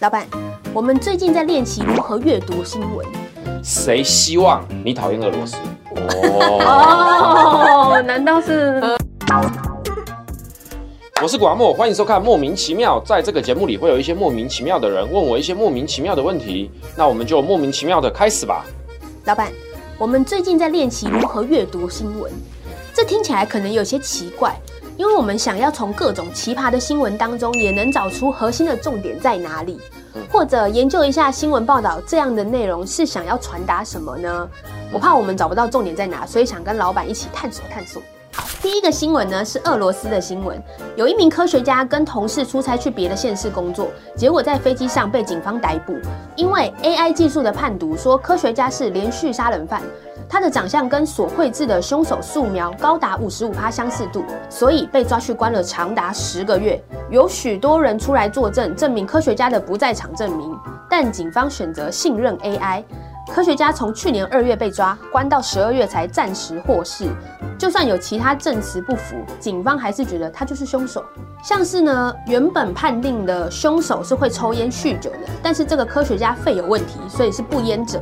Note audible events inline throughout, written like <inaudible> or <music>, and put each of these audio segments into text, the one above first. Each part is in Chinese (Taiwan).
老闆，我們最近在練習如何閱讀新聞。誰希望你討厭俄羅斯？哦， <laughs> 哦難道是？ <laughs> 我是谷阿莫，歡迎收看《莫名其妙》。在這個節目裡，會有一些莫名其妙的人問我一些莫名其妙的問題。那我們就莫名其妙的開始吧。老闆，我們最近在練習如何閱讀新聞，這聽起來可能有些奇怪。因為我們想要從各種奇葩的新聞當中，也能找出核心的重點在哪裡，或者研究一下新聞報道這樣的內容是想要傳達什麼呢？我怕我們找不到重點在哪，所以想跟老闆一起探索探索。第一個新聞呢是俄羅斯的新聞，有一名科學家跟同事出差去別的縣市工作，結果在飛機上被警方逮捕，因為 AI 技術的判讀說科學家是連續殺人犯。他的長相跟所繪製的兇手素描高達五十五趴相似度，所以被抓去關了長達十個月。有許多人出來作證，證明科學家的不在場證明，但警方選擇信任 AI。科學家從去年二月被抓，關到十二月才暫時獲釋。就算有其他證詞不符，警方還是覺得他就是兇手。像是呢，原本判定的兇手是會抽菸酗酒的，但是這個科學家肺有問題，所以是不菸者。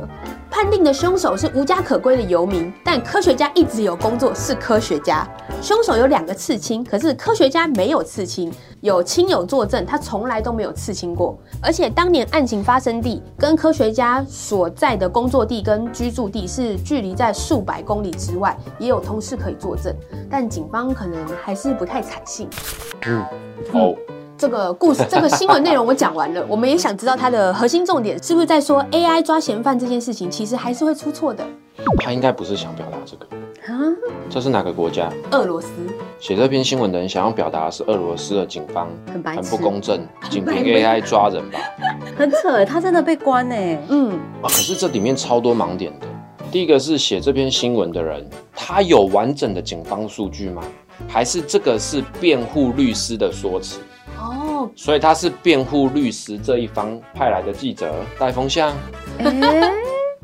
判定的凶手是無家可歸的遊民，但科學家一直有工作，是科學家。凶手有兩個刺青，可是科學家沒有刺青，有親友作證，他從來都沒有刺青過。而且當年案情發生地跟科學家所在的工作地跟居住地是距離在數百公里之外，也有同事可以作證，但警方可能還是不太採信。嗯，這個故事，這個新聞內容我講完了。 <laughs> 我們也想知道它的核心重點是不是在說 AI 抓嫌犯這件事情，其實還是會出錯的。他應該不是想表達這個。啊？這是哪個國家？俄羅斯。寫這篇新聞的人想要表達的是俄羅斯的警方很白，很不公正，僅憑 AI 抓人吧？很，白 <laughs> 很扯，他真的被關呢、欸。嗯、啊。可是這裡面超多盲點的。第一個是寫這篇新聞的人，他有完整的警方數據嗎？還是這個是辯護律師的說辭？所以他是辯護律師這一方派來的記者，帶風向。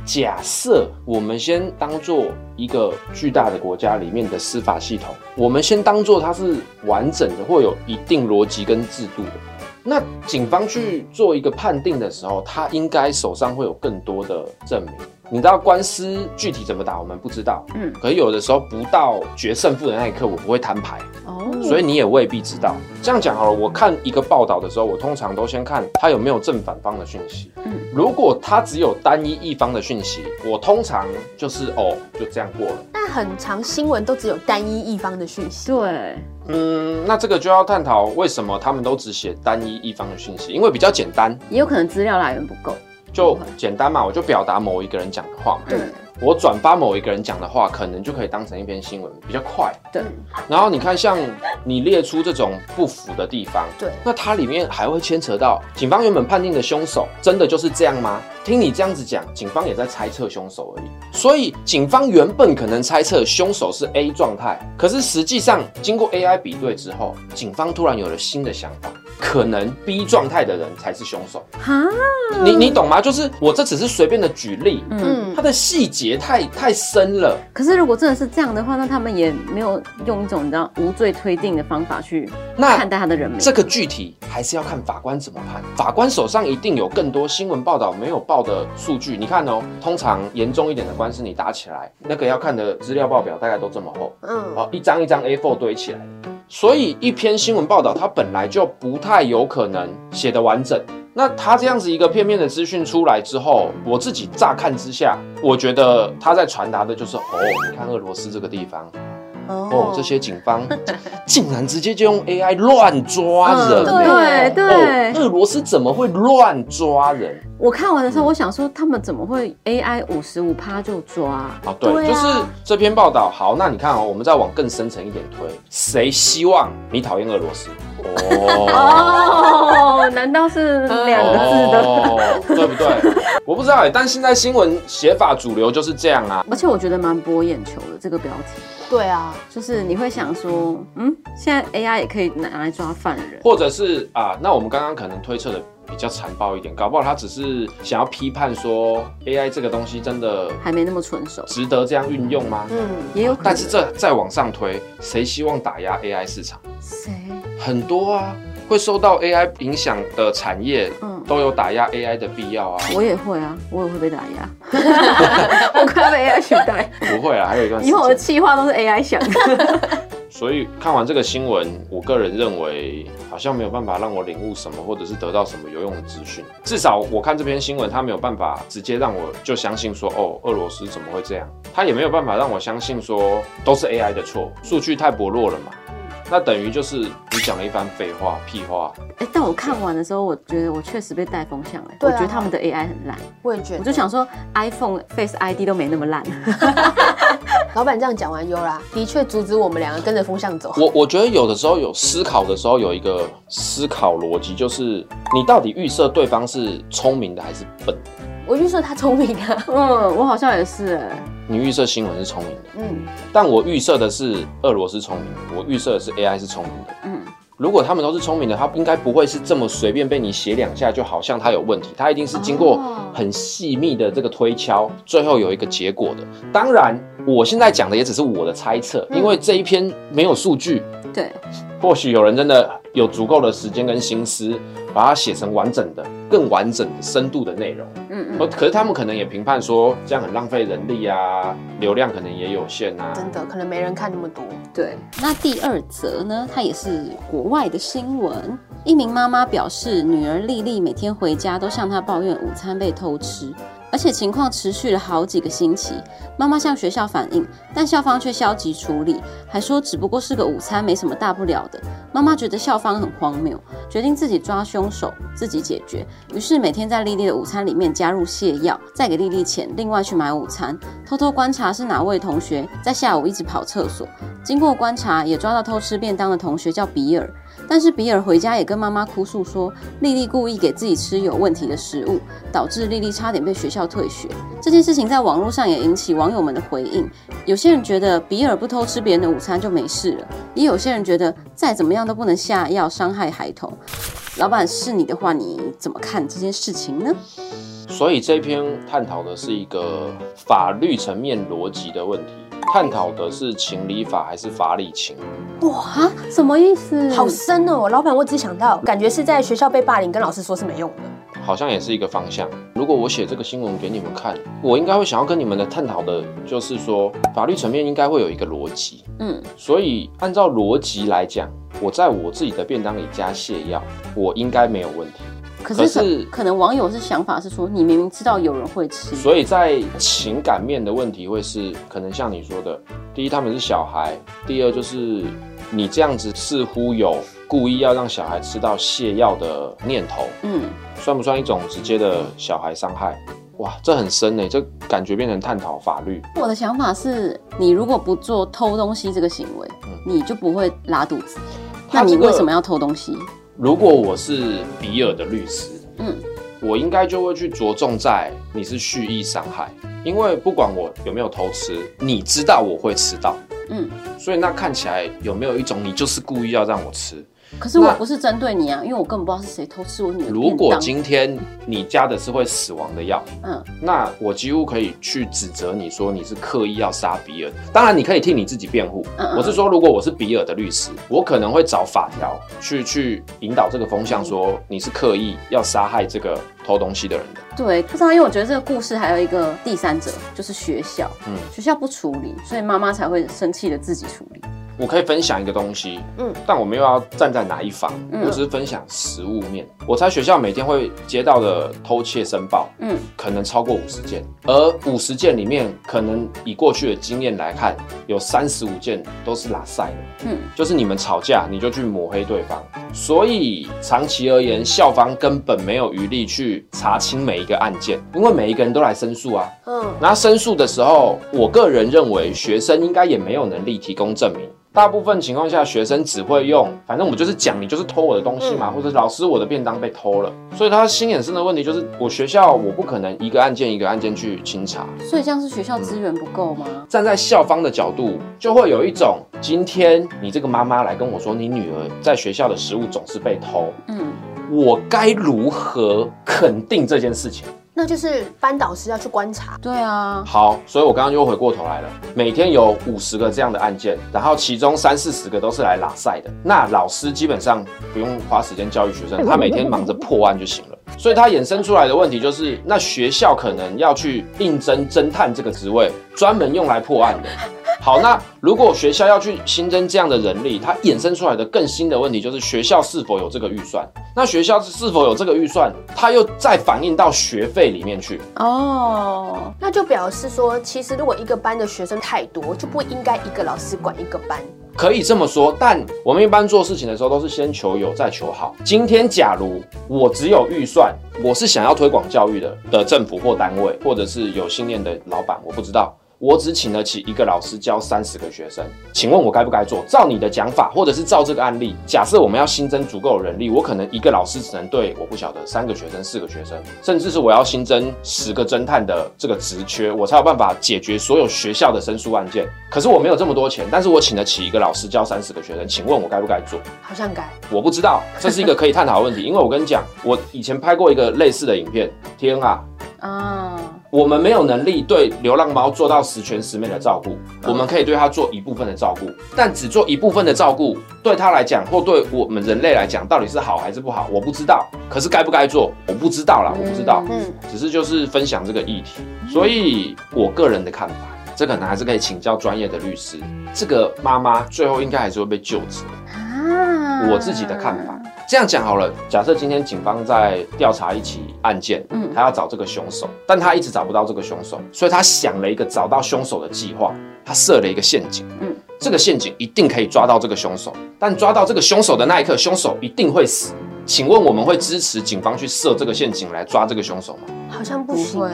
假設我們先當作一個巨大的國家裡面的司法系統，我們先當作它是完整的，會有一定邏輯跟制度的。那警方去做一個判定的時候，他應該手上會有更多的證明。你知道官司具體怎麼打，我們不知道。嗯，可是有的時候不到決勝負的那一刻，我不會攤牌。哦，所以你也未必知道。這樣講好了，我看一個報道的時候，我通常都先看他有沒有正反方的訊息。嗯，如果他只有單一一方的訊息，我通常就是哦，就這樣過了。但很常新聞都只有單一一方的訊息。對。嗯，那這個就要探討為什麼他們都只寫單一一方的訊息，因為比較簡單。也有可能資料來源不夠。就簡單嘛，嗯、我就表達某一個人講的話嘛。嗯我轉發某一個人講的話，可能就可以當成一篇新聞，比較快。對。然後你看，像你列出這種不符的地方，對。那它裡面還會牽扯到警方原本判定的兇手，真的就是這樣嗎？聽你這樣子講，警方也在猜測兇手而已。所以警方原本可能猜測兇手是 A 狀態，可是實際上經過 AI 比對之後，警方突然有了新的想法，可能 B 狀態的人才是兇手。哈，你你懂嗎？就是我這只是隨便的舉例，嗯，它的細節。也太太深了。可是如果真的是這樣的話，那他們也沒有用一種你知道無罪推定的方法去看待他的人命。這個具體還是要看法官怎麼判。法官手上一定有更多新聞報道沒有報的數據。你看哦，通常嚴重一點的官司你打起來，那個要看的資料報表大概都這麼厚，嗯，一張一張 A4 堆起來。所以一篇新聞報道它本來就不太有可能寫得完整。那他這樣子一個片面的資訊出來之後，我自己乍看之下，我覺得他在傳達的就是：哦，你看俄羅斯這個地方，哦，這些警方 <laughs> 竟然直接就用 AI 亂抓人欸，嗯，對對，哦，俄羅斯怎麼會亂抓人？我看完的時候，嗯、我想說，他們怎麼會 AI 五十五趴就抓啊？對，對啊、就是這篇報道。好，那你看哦，我們再往更深層一點推，誰希望你討厭俄羅斯？哦哦哦！難道是兩個字的？哦、 <laughs> oh, 對不對？ <laughs> 我不知道哎、欸，但現在新聞寫法主流就是這樣啊。而且我覺得蠻博眼球的這個標題。對啊，就是你會想說，嗯，現在 AI 也可以拿來抓犯人，或者是啊，那我們剛剛可能推測的。比較殘暴一點，搞不好他只是想要批判說，AI 這個東西真的還沒那麼純熟，值得這樣運用嗎？嗯，也有可能。但是這再往上推，誰希望打壓 AI 市場？誰誰？很多啊，會受到 AI 影響的產業，嗯，都有打壓 AI 的必要啊。我也會啊，我也會被打壓， <laughs> 我快要被 AI 取代。 <laughs> 不會啊，還有一段時間。以後我的企劃都是 AI 想的。 <laughs> 所以看完這個新聞，我個人認為。好像沒有辦法讓我領悟什麼，或者是得到什麼有用的資訊。至少我看這篇新聞，他沒有辦法直接讓我就相信說，哦，俄羅斯怎麼會這樣？他也沒有辦法讓我相信說都是 AI 的錯，數據太薄弱了嘛。那等於就是你講了一番廢話、屁話。欸，但我看完的時候，我覺得我確實被帶風向了。對啊。我覺得他們的 AI 很爛，我也覺得。我就想說，iPhone Face ID 都沒那麼爛。 <laughs> 老闆這樣講完，尤拉的確阻止我們兩個跟着風向走。我我覺得有的時候有思考的時候，有一個思考邏輯，就是你到底預設對方是聰明的還是笨的？我預設他聰明的，啊，嗯，我好像也是，欸。你預設新聞是聰明的，嗯，但我預設的是俄羅斯聰明，我預設的是 AI 是聰明的，嗯。如果他們都是聰明的，他應該不會是這麼隨便被你寫兩下，就好像他有問題，他一定是經過很細密的這個推敲，最後有一個結果的。當然，我現在講的也只是我的猜測，因為這一篇沒有數據，嗯，對，或許有人真的。有足夠的時間跟心思，把它寫成完整的、更完整的深度的內容。嗯嗯。可是他們可能也評判說，這樣很浪費人力啊，流量可能也有限啊。真的，可能沒人看那麼多。對。那第二則呢？它也是國外的新聞。一名媽媽表示，女兒麗麗每天回家都向她抱怨午餐被偷吃。而且情況持續了好幾個星期，媽媽向學校反映，但校方卻消極處理，還說只不過是個午餐，沒什麼大不了的。媽媽覺得校方很荒謬，決定自己抓兇手，自己解決。於是每天在莉莉的午餐裡面加入瀉藥，再給莉莉錢，另外去買午餐，偷偷觀察是哪位同學在下午一直跑廁所。經過觀察，也抓到偷吃便當的同學叫比爾。但是比爾回家也跟媽媽哭訴說，莉莉故意給自己吃有問題的食物，導致莉莉差點被學校退學。這件事情在網絡上也引起網友們的回應，有些人覺得比爾不偷吃別人的午餐就沒事了，也有些人覺得再怎麼樣都不能下藥傷害孩童。老闆是你的話，你怎麼看這件事情呢？所以這一篇探討的是一個法律層面邏輯的問題，探討的是情理法還是法理情？哇，什麼意思？好深哦，老闆，我只想到，感覺是在學校被霸凌，跟老師說是沒用的，好像也是一個方向。如果我寫這個新聞給你們看，我應該會想要跟你們的探討的，就是說法律層面應該會有一個邏輯。嗯，所以按照邏輯來講，我在我自己的便當裡加瀉藥，我應該沒有問題。可是，可是，可能網友是想法是說，你明明知道有人會吃，所以在情感面的問題會是，可能像你說的，第一他們是小孩，第二就是你這樣子似乎有故意要讓小孩吃到瀉藥的念頭，嗯，算不算一種直接的小孩傷害？哇，這很深呢、欸。這感覺變成探討法律。我的想法是你如果不做偷東西這個行為，你就不會拉肚子，嗯這個、那你為什麼要偷東西？如果我是比爾的律師，嗯，我應該就會去着重在你是蓄意傷害，因為不管我有沒有偷吃，你知道我會遲到，嗯，所以那看起來有沒有一種你就是故意要讓我吃？可是我不是針對你啊，因為我根本不知道是誰偷吃我女兒。如果今天你加的是會死亡的藥，嗯，那我幾乎可以去指責你說，你是刻意要殺比爾。當然，你可以替你自己辯護。嗯嗯，我是說，如果我是比爾的律師，我可能會找法條去去引導這個風向，說你是刻意要殺害這個偷東西的人的。對，不知道，因為我覺得這個故事還有一個第三者，就是學校。嗯，學校不處理，所以媽媽才會生氣的自己處理。我可以分享一個東西，嗯，但我們又要站在哪一方？我只是分享事實面。我在學校每天會接到的偷竊申報，嗯，可能超過五十件，而五十件裡面，可能以過去的經驗來看，有三十五件都是拉賽的，嗯，就是你們吵架，你就去抹黑對方。所以長期而言，校方根本沒有餘力去查清每一個案件，因為每一個人都來申訴啊，嗯，那申訴的時候，我個人認為學生應該也沒有能力提供證明。大部分情況下，學生只會用，反正我們就是講，你就是偷我的東西嘛，嗯、或者老師我的便當被偷了，所以他新衍生的問題就是，我學校我不可能一個案件一個案件去清查，所以這樣是學校資源不夠嗎？站在校方的角度，就會有一種今天你這個媽媽來跟我說，你女兒在學校的食物總是被偷，嗯，我該如何肯定這件事情？這就是班導師要去觀察，對啊。好，所以我剛剛又回過頭來了。每天有五十個這樣的案件，然後其中三四十個都是來拉賽的。那老師基本上不用花時間教育學生，他每天忙着破案就行了。所以他衍生出來的問題就是，那學校可能要去應徵偵探這個職位，專門用來破案的。好，那如果學校要去新增這樣的人力，它衍生出來的更新的問題就是學校是否有這個預算？那學校是否有這個預算？它又再反映到學費裡面去。哦，oh, 那就表示說，其實如果一個班的學生太多，就不應該一個老師管一個班。可以這麼說，但我們一般做事情的時候都是先求有，再求好。今天假如我只有預算，我是想要推廣教育的的政府或單位，或者是有信念的老闆，我不知道。我只請得起一個老師教三十個學生，請問我該不該做？照你的講法，或者是照這個案例，假設我們要新增足夠的人力，我可能一個老師只能對我不曉得三個學生、四個學生，甚至是我要新增十個偵探的這個職缺，我才有辦法解決所有學校的申訴案件。可是我沒有這麼多錢，但是我請得起一個老師教三十個學生，請問我該不該做？好像該，我不知道，這是一個可以探討的問題。 <laughs> 因為我跟你講，我以前拍過一個類似的影片，天啊！啊。Oh. 我們沒有能力對流浪貓做到十全十美的照顧，我們可以對它做一部分的照顧，但只做一部分的照顧，對它來講或對我們人類來講，到底是好還是不好，我不知道。可是該不該做，我不知道啦，我不知道。嗯，只是就是分享這個議題，所以我個人的看法，這可能還是可以請教專業的律師。這個媽媽最後應該還是會被救治。我自己的看法，這樣講好了。假設今天警方在調查一起案件，嗯，他要找這個凶手，嗯、但他一直找不到這個凶手，所以他想了一個找到凶手的計劃，他設了一個陷阱，嗯，這個陷阱一定可以抓到這個凶手，但抓到這個凶手的那一刻，凶手一定會死。請問我們會支持警方去設這個陷阱來抓這個凶手嗎？好像不會。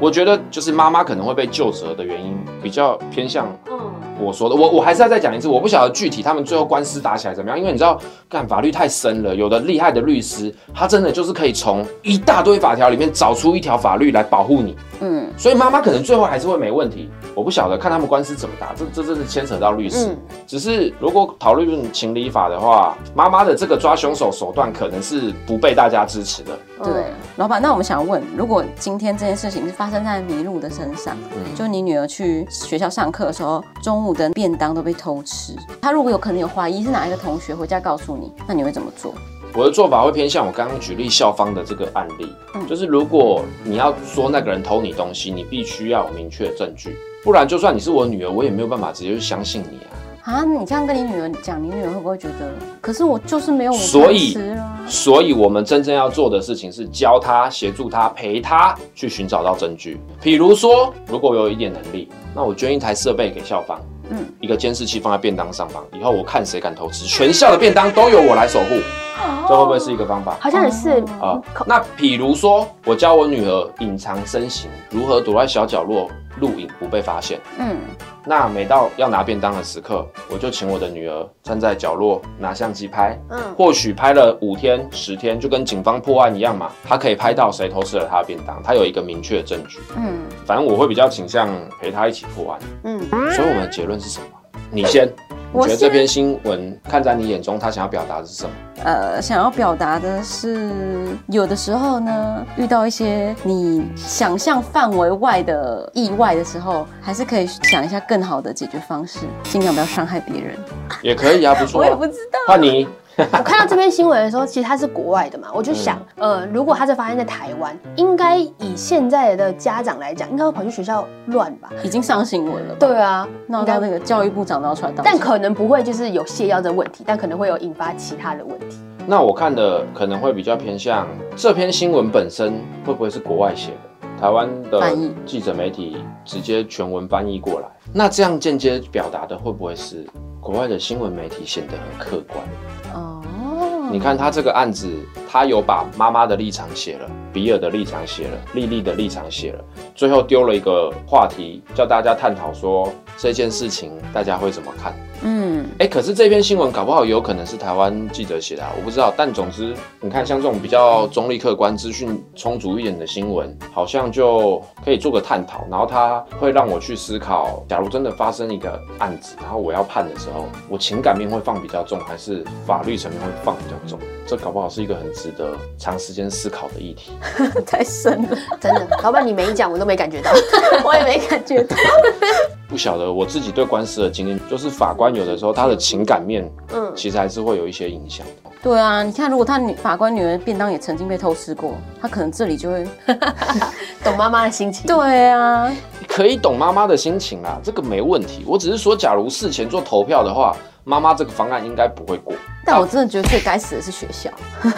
我覺得就是媽媽可能會被究責的原因比較偏向，嗯。我說的，我我還是要再講一次，我不曉得具體他們最後官司打起來怎麼樣，因為你知道，幹法律太深了，有的厲害的律師，他真的就是可以從一大堆法條裡面找出一條法律來保護你，嗯，所以媽媽可能最後還是會沒問題，我不曉得看他們官司怎麼打，這這這是牽扯到律師。嗯、只是如果討論用情理法的話，媽媽的這個抓兇手手段可能是不被大家支持的。對，老闆，那我們想要問，如果今天這件事情是發生在迷路的身上，嗯、就你女兒去學校上課的時候中。我的便當都被偷吃，他如果有可能有懷疑是哪一個同學，回家告訴你，那你會怎麼做？我的做法會偏向我剛剛舉例校方的這個案例，嗯、就是如果你要說那個人偷你東西，你必須要有明確的證據，不然就算你是我女兒，我也沒有辦法直接去相信你啊。啊，你這樣跟你女兒講，你女兒會不會覺得？可是我就是沒有，所以，所以我們真正要做的事情是教她、協助她、陪她去尋找到證據。比如說，如果有一點能力，那我捐一台設備給校方。嗯，一個監視器放在便當上方，以後我看誰敢偷吃，全校的便當都由我來守護，哦，這會不會是一個方法？好像也是啊。那比如說，我教我女兒隱藏身形，如何躲在小角落錄影不被發現。嗯。那每到要拿便當的時刻，我就請我的女兒站在角落拿相機拍。嗯，或許拍了五天、十天，就跟警方破案一樣嘛，她可以拍到誰偷吃了她的便當，她有一個明確的證據。嗯，反正我會比較傾向陪她一起破案。嗯，所以我們的結論是什麼？你先。欸我覺得這篇新聞看在你眼中，他想要表達的是什麼？呃，想要表達的是，有的時候呢，遇到一些你想象範圍外的意外的時候，還是可以想一下更好的解決方式，儘量不要傷害別人。也可以啊，不錯啊。我也不知道。換你。 <laughs> 我看到這篇新聞的時候，其實它是國外的嘛，我就想，嗯、呃，如果它是發生在台灣，應該以現在的家長來講，應該會跑去學校亂吧？已經上新聞了。對啊，鬧到那個教育部長都要出來道歉。那到那出來道歉，但可能不會就是有瀉藥的問題，但可能會有引發其他的問題。那我看的可能會比較偏向這篇新聞本身會不會是國外寫的？台灣的記者媒體直接全文翻譯過來，那這樣間接表達的會不會是國外的新聞媒體顯得很客觀？你看他這個案子。他有把媽媽的立場寫了，比爾的立場寫了，麗麗的立場寫了，最後丟了一個話題，叫大家探討說這件事情大家會怎麼看？嗯，哎、欸，可是這篇新聞搞不好有可能是台灣記者寫的啊，我不知道。但總之，你看像這種比較中立、客觀、嗯，資訊充足一點的新聞，好像就可以做個探討。然後他會讓我去思考，假如真的發生一個案子，然後我要判的時候，我情感面會放比較重，還是法律層面會放比較重？嗯，這搞不好是一個很。值得長時間思考的議題， <laughs> 太深了。真的，老板，你每一講我都沒感覺到，我也沒感覺到。 <laughs> 不曉得我自己對官司的經驗，就是法官有的時候他的情感面，嗯，其實還是會有一些影響的。嗯嗯，對啊，你看，如果他女法官女兒便當也曾經被偷吃過，他可能這裡就會 <laughs> <laughs> 懂媽媽的心情。對啊，可以懂媽媽的心情啊，這個沒問題。我只是說，假如事前做投票的話。媽媽，這個方案應該不會過。但我真的覺得最該死的是學校。 <laughs>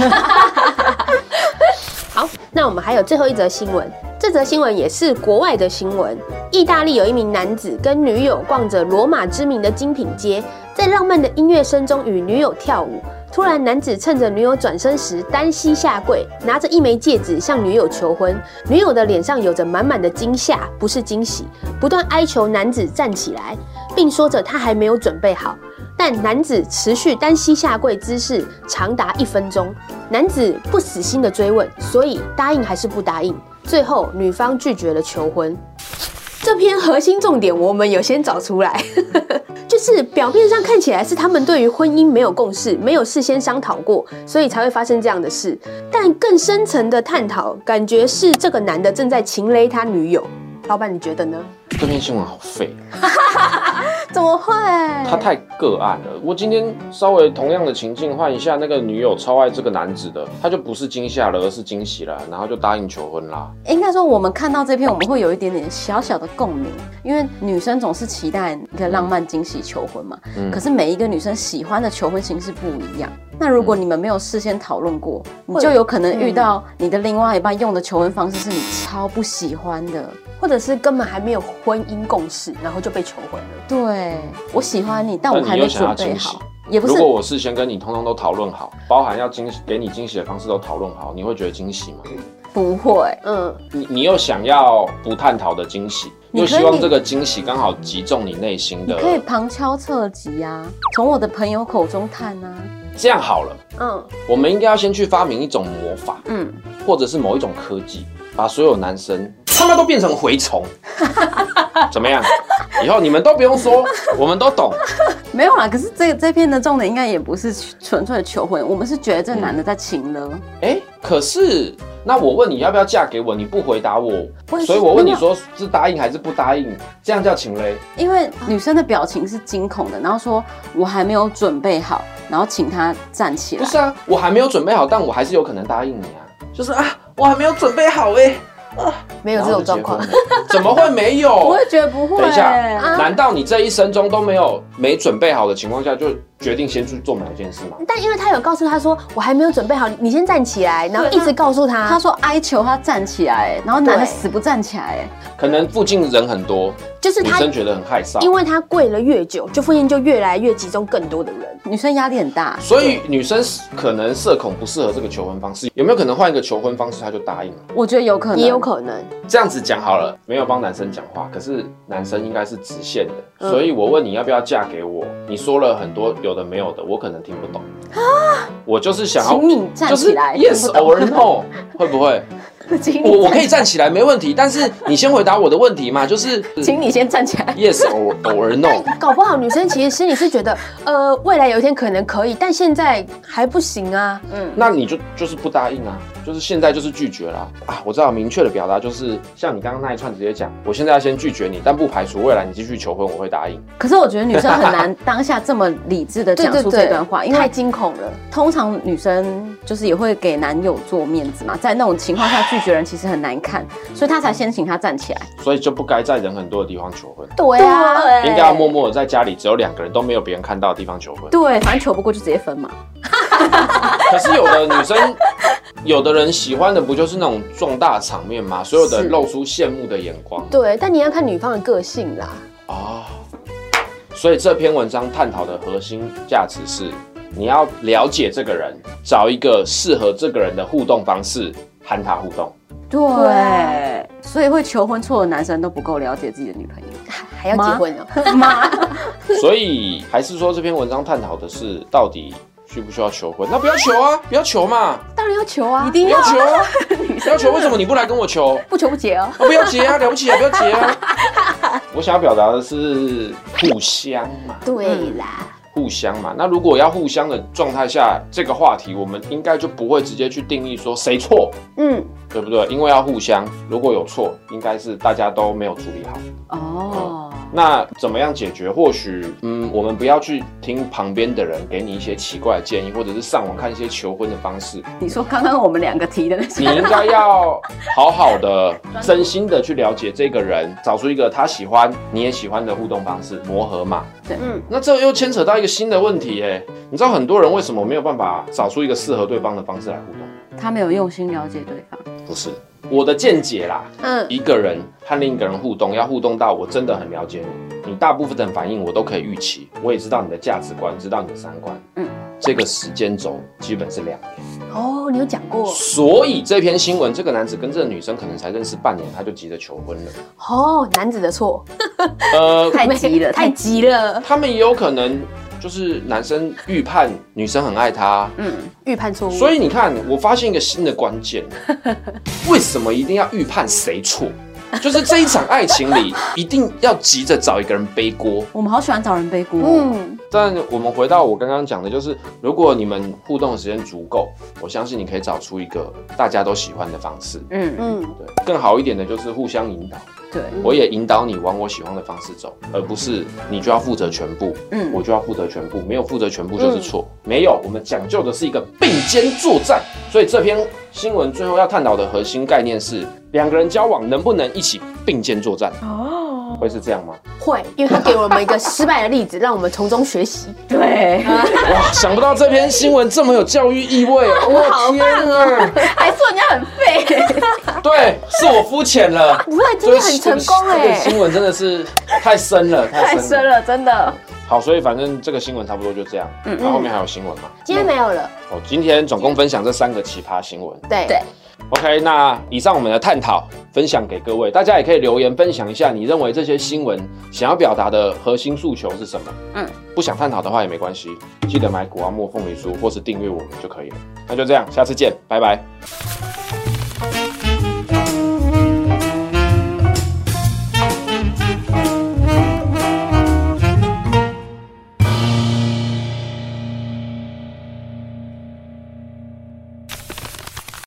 <laughs> 好，那我們還有最後一則新聞。這則新聞也是國外的新聞。意大利有一名男子跟女友逛着羅馬知名的精品街，在浪漫的音樂聲中與女友跳舞。突然，男子趁着女友轉身時單膝下跪，拿着一枚戒指向女友求婚。女友的臉上有着滿滿的驚嚇，不是驚喜，不斷哀求男子站起來，並說着她還沒有準備好。但男子持續單膝下跪姿勢長達一分鐘，男子不死心的追問，所以答應還是不答應？最後女方拒絕了求婚。這篇核心重點我們有先找出來， <laughs> 就是表面上看起來是他們對於婚姻沒有共識，沒有事先商討過，所以才會發生這樣的事。但更深層的探討，感覺是這個男的正在情勒他女友。老板，你覺得呢？這篇新聞好廢。 <laughs> 怎麼會？他太個案了。我今天稍微同樣的情境換一下，那個女友超愛這個男子的，他就不是驚嚇了，而是驚喜了，然後就答應求婚啦。應該說，我們看到這篇，我們會有一點點小小的共鳴，因為女生總是期待一個浪漫驚喜求婚嘛。嗯。可是每一個女生喜歡的求婚形式不一樣。嗯。那如果你們沒有事先討論過，會你就有可能遇到你的另外一半用的求婚方式是你超不喜歡的，或者是根本還沒有婚姻共識，然後就被求婚了。對。對，我喜歡你，但我還沒準備好。也不是，如果我事先跟你通通都討論好，包含要驚喜、給你驚喜的方式都討論好，你會覺得驚喜嗎？不會，嗯。你你又想要不探討的驚喜，又希望這個驚喜剛好擊中你內心的，可以旁敲側擊呀、啊。從我的朋友口中探啊。這樣好了，嗯，我們應該要先去發明一種魔法，嗯，或者是某一種科技，把所有男生。他們都變成蛔蟲，怎麼樣？以後你們都不用說，我們都懂。 <laughs> 沒有啊，可是這這片的重點應該也不是純粹的求婚，我們是覺得這男的在請勒。哎、嗯欸，可是那我問你要不要嫁給我，你不回答我，是所以我問你說是答應還是不答應，是這樣叫請嘞？因為女生的表情是驚恐的，然後說我還沒有準備好，然後請她站起來。不是啊，我還沒有準備好，但我還是有可能答應你啊，就是啊，我還沒有準備好哎、欸。沒有這種狀況，怎麼會沒有？我 <laughs> 也覺得不會，欸。等一下，難道你這一生中都沒有沒準備好的情況下就？決定先去做一件事嘛？但因為他有告訴他說我還沒有準備好，你先站起來，然後一直告訴他，啊、他說哀求他站起來、欸，然後男的死不站起來、欸。哎對，可能附近人很多，就是女生覺得很害臊，因為他跪了越久，就附近就越來越集中更多的人，女生壓力很大。所以女生可能社恐不適合這個求婚方式，有沒有可能換一個求婚方式他就答應了？我覺得有可能，也有可能。這樣子講好了，沒有幫男生講話，可是男生應該是直線的，嗯、所以我問你要不要嫁給我，你說了很多。有的沒有的，我可能聽不懂。啊？我就是想要，請你站起來。是 Yes or no，會不會？我我可以站起來，沒問題。但是你先回答我的問題嘛，就是，請你先站起來。Yes or, or no。搞不好女生其實心裡是覺得，呃，未來有一天可能可以，但現在還不行啊。嗯，那你就就是不答應啊。就是現在就是拒絕了啊！啊我知道我明確的表達，就是像你剛剛那一串直接講，我現在要先拒絕你，但不排除未來你繼續求婚，我會答應。可是我覺得女生很難當下這麼理智的講出這段話， <laughs> 對對對對，因為太驚恐了。通常女生就是也會給男友做面子嘛，在那種情況下拒絕人其實很難看， <laughs> 所以她才先請他站起來。所以就不該在人很多的地方求婚。對呀，啊，應該要默默的在家裡只有兩個人都沒有別人看到的地方求婚。對，反正求不過就直接分嘛。 <laughs> 可是有的女生，有的人喜歡的不就是那種重大場面嗎？所有的露出羨慕的眼光。對，但你要看女方的個性啦。哦，所以這篇文章探討的核心價值是，你要了解這個人，找一個適合這個人的互動方式，和他互動。對，所以會求婚錯的男生都不夠了解自己的女朋友，還還要結婚嗎？所以還是說這篇文章探討的是到底。需不需要求婚？那不要求啊，不要求嘛，當然要求啊，一定要求啊，要求 <laughs> 為什麼你不來跟我求？不求不結哦，哦，不要結啊，了不起啊，不要結啊。 <laughs> 我想要表達的是互相嘛，對啦、嗯，互相嘛。那如果要互相的狀態下，這個話題我們應該就不會直接去定義說誰錯，嗯，對不對？因為要互相，如果有錯，應該是大家都沒有處理好。哦、嗯。嗯嗯那怎麼樣解決？或許，嗯，我們不要去聽旁邊的人給你一些奇怪的建議，或者是上網看一些求婚的方式。你說剛剛我們兩個提的那些，你應該要好好的、 <laughs> 真的，真心的去了解這個人，找出一個他喜歡、你也喜歡的互動方式，磨合嘛。對，嗯。那這又牽扯到一個新的問題哎、欸，你知道很多人為什麼沒有辦法找出一個適合對方的方式來互動？他沒有用心了解對方。不是。我的見解啦，嗯，一個人和另一個人互動，要互動到我真的很了解你，你大部分的反應我都可以預期，我也知道你的價值觀，知道你的三觀，嗯，這個時間軸基本是兩年。哦，你有講過，所以這篇新聞，這個男子跟這個女生可能才認識半年，他就急着求婚了。哦，男子的錯， <laughs> 呃，太急了，太急了，他們也有可能。就是男生預判女生很愛他，嗯，預判錯誤。所以你看，我發現一個新的關鍵， <laughs> 為什麼一定要預判誰錯？就是這一場愛情裡， <laughs> 一定要急着找一個人背鍋。我們好喜歡找人背鍋，嗯。但我們回到我剛剛講的，就是如果你們互動的時間足夠，我相信你可以找出一個大家都喜歡的方式，嗯嗯，對，更好一點的就是互相引導。對，我也引導你往我喜歡的方式走，而不是你就要負責全部，嗯，我就要負責全部，沒有負責全部就是錯。嗯、沒有，我們講究的是一個並肩作戰。所以這篇新聞最後要探討的核心概念是，兩個人交往能不能一起並肩作戰？哦。會是這樣嗎？會，因為他給我們一個失敗的例子，讓我們從中學習。對，哇，想不到這篇新聞這麼有教育意味，我天啊，還說人家很廢。對，是我膚淺了。不會，今天很成功哎。這個新聞真的是太深了，太深了，真的。好，所以反正這個新聞差不多就這樣。嗯，然後後面還有新聞嗎？今天沒有了。哦，今天總共分享這三個奇葩新聞。對對。OK，那以上我們的探討分享給各位，大家也可以留言分享一下，你認為這些新聞想要表達的核心訴求是什麼？嗯，不想探討的話也沒關係，記得買谷阿莫鳳梨酥或是訂閱我們就可以了。那就這樣，下次見，拜拜。